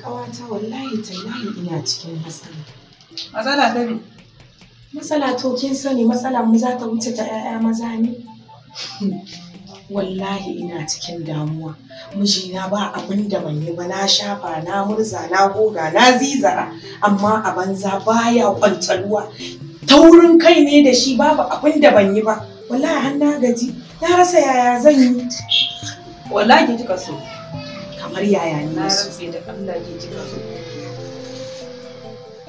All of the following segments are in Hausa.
Kawata wallahi tallahi ina cikin matsala. Matsala ta ne. Matsala to kin sani matsala mu za ta wuce ta 'ya'ya maza ne? Wallahi ina cikin damuwa. Mijina ba abin da ban yi ba na shafa na murza na goga na zizara amma a banza baya kwantaruwa. Taurin kai ne da shi babu abin da ban yi ba. Wallahi har na gaji na rasa yaya zan yi. Wallahi kika so. kamar yaya ne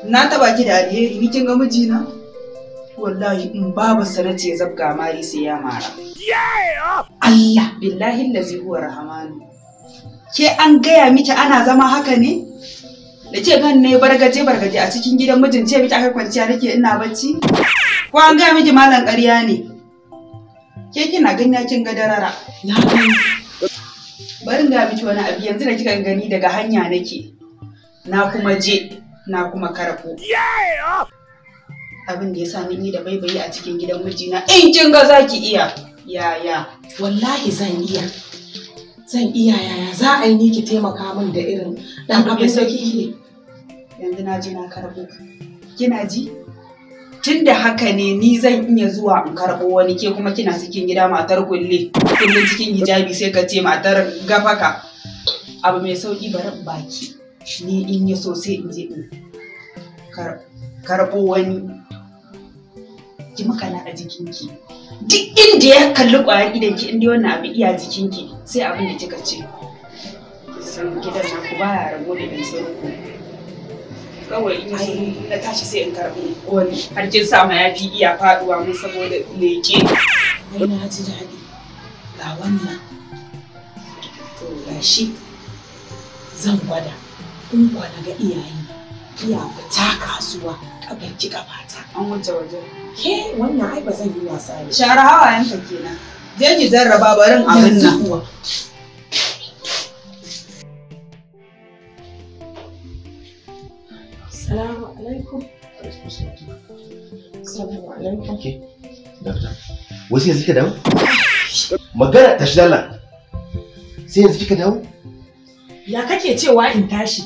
na taba ki da alheri ni kin ga mijina wallahi in babu sarace zabga mari sai ya mara Allah billahi lazi huwa rahmanu ke an gaya miki ana zama haka ne da ce gan ne bargaje bargaje a cikin gidan mijin ce miki aka kwanciya nake ina bacci ko an gaya miki malam ƙarya ne ke kina ganya kin ga darara Barin ga miki wani abu yanzu da kika gani daga hanya nake na kuma je na kuma karako abin da ya sa ni da baibayi a cikin gidan mijina in kin ga zaki iya ya ya wallahi zan iya zan iya yaya za a yi ni ki taimaka min da irin dan abin da kike yanzu na je na karako kina ji tun da haka ne ni zan iya zuwa in karɓo wani ke kuma kina cikin gida matar kulle kullum cikin hijabi sai ka ce matar gafaka abu mai sauƙi ba, baki ne in yi sosai in je in karɓo wani ki makala a jikinki duk inda ya kalli ƙwayar idan ki inda wannan abu iya jikinki sai abin da kika ce san gidan naku baya rago da in sarko kawai in na tashi sai in karɓi wani har kin sa ma yafi iya faɗuwa mun saboda leke ai na ji daɗi ga wannan to shi zan gwada in gwada ga iyaye iya fita kasuwa kafarki kafata an wuce waje ke wannan ai ba zan yi wasa da shara hawayen ka kenan je ki jarraba barin abin nan Salamu alaikum. Salamu alaikum. Ke, dakta. Wasu yanzu kika dawo? Magana tashi dala. Sai yanzu kika dawo? Ya kake cewa in tashi?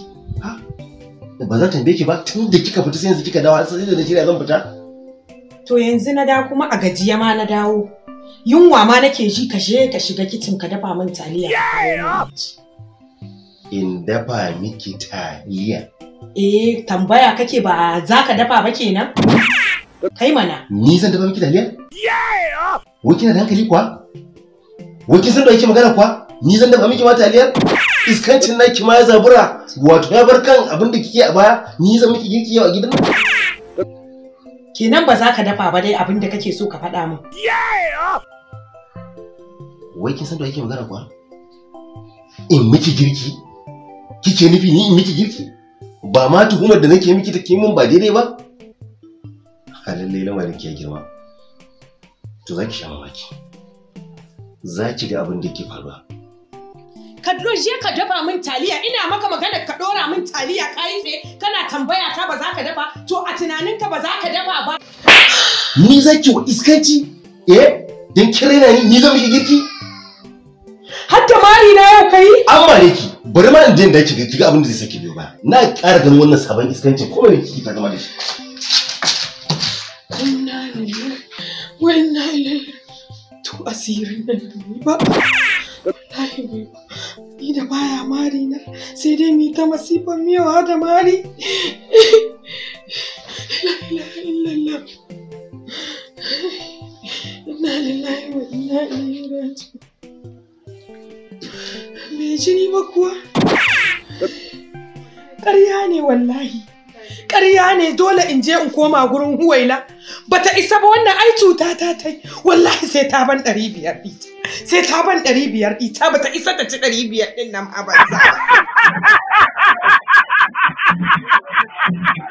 Ba zan tambaye ki ba tun da kika fita sai yanzu kika dawo har sai da na shirya zan fita. To yanzu na da kuma a gajiya ma na dawo. Yunwa ma nake ji ka je ka shiga kicin ka dafa min taliya. In dafa miki taliya. Eh tambaya kake ba za ka dafa ba kenan? Kai mana. Ni zan dafa miki taliya? Wai kina da hankali kuwa? Wai kin san da yake magana kuwa? Ni zan dafa miki ma taliyar? Iskancin naki ma ya zabura wato ya bar kan abin da kike a baya ni zan miki girki yau a gidan Kenan ba za ka dafa ba dai abin da kake so ka faɗa min. Wai kin san da yake magana kuwa? In miki girki? Kike nufi ni in miki girki? ba ma tuhumar da nake miki ta min ba daidai ba a lallai lamarin da ke girma to za ki sha mamaki za ki ga abin da ke faruwa ka je ka dafa min taliya ina maka magana ka dora min taliya kai tsaye kana tambaya ta ba za ka dafa to a tunaninka ba za ka dafa ba ni za ki wa iskanci eh Dan kire na ni ni zan miki girki hatta mari na yau kai an mare ki bari ma inda yake da kike kiga abin da zai saki biyo ba na ƙara ganin wannan sabon iskancin ko ne kike ta gama da shi to asirin nan ni da baya mari na sai dai ta masifan miyawa da mari jini ba kuwa ƙarya ne wallahi ƙarya ne dole in je in koma gurin huwaila bata isa ba wannan ai cuta ta ta wallahi sai ta ban ɗari biyar ita sai ta ban ɗari biyar ita bata isa ta ci ɗari biyar ɗin nan a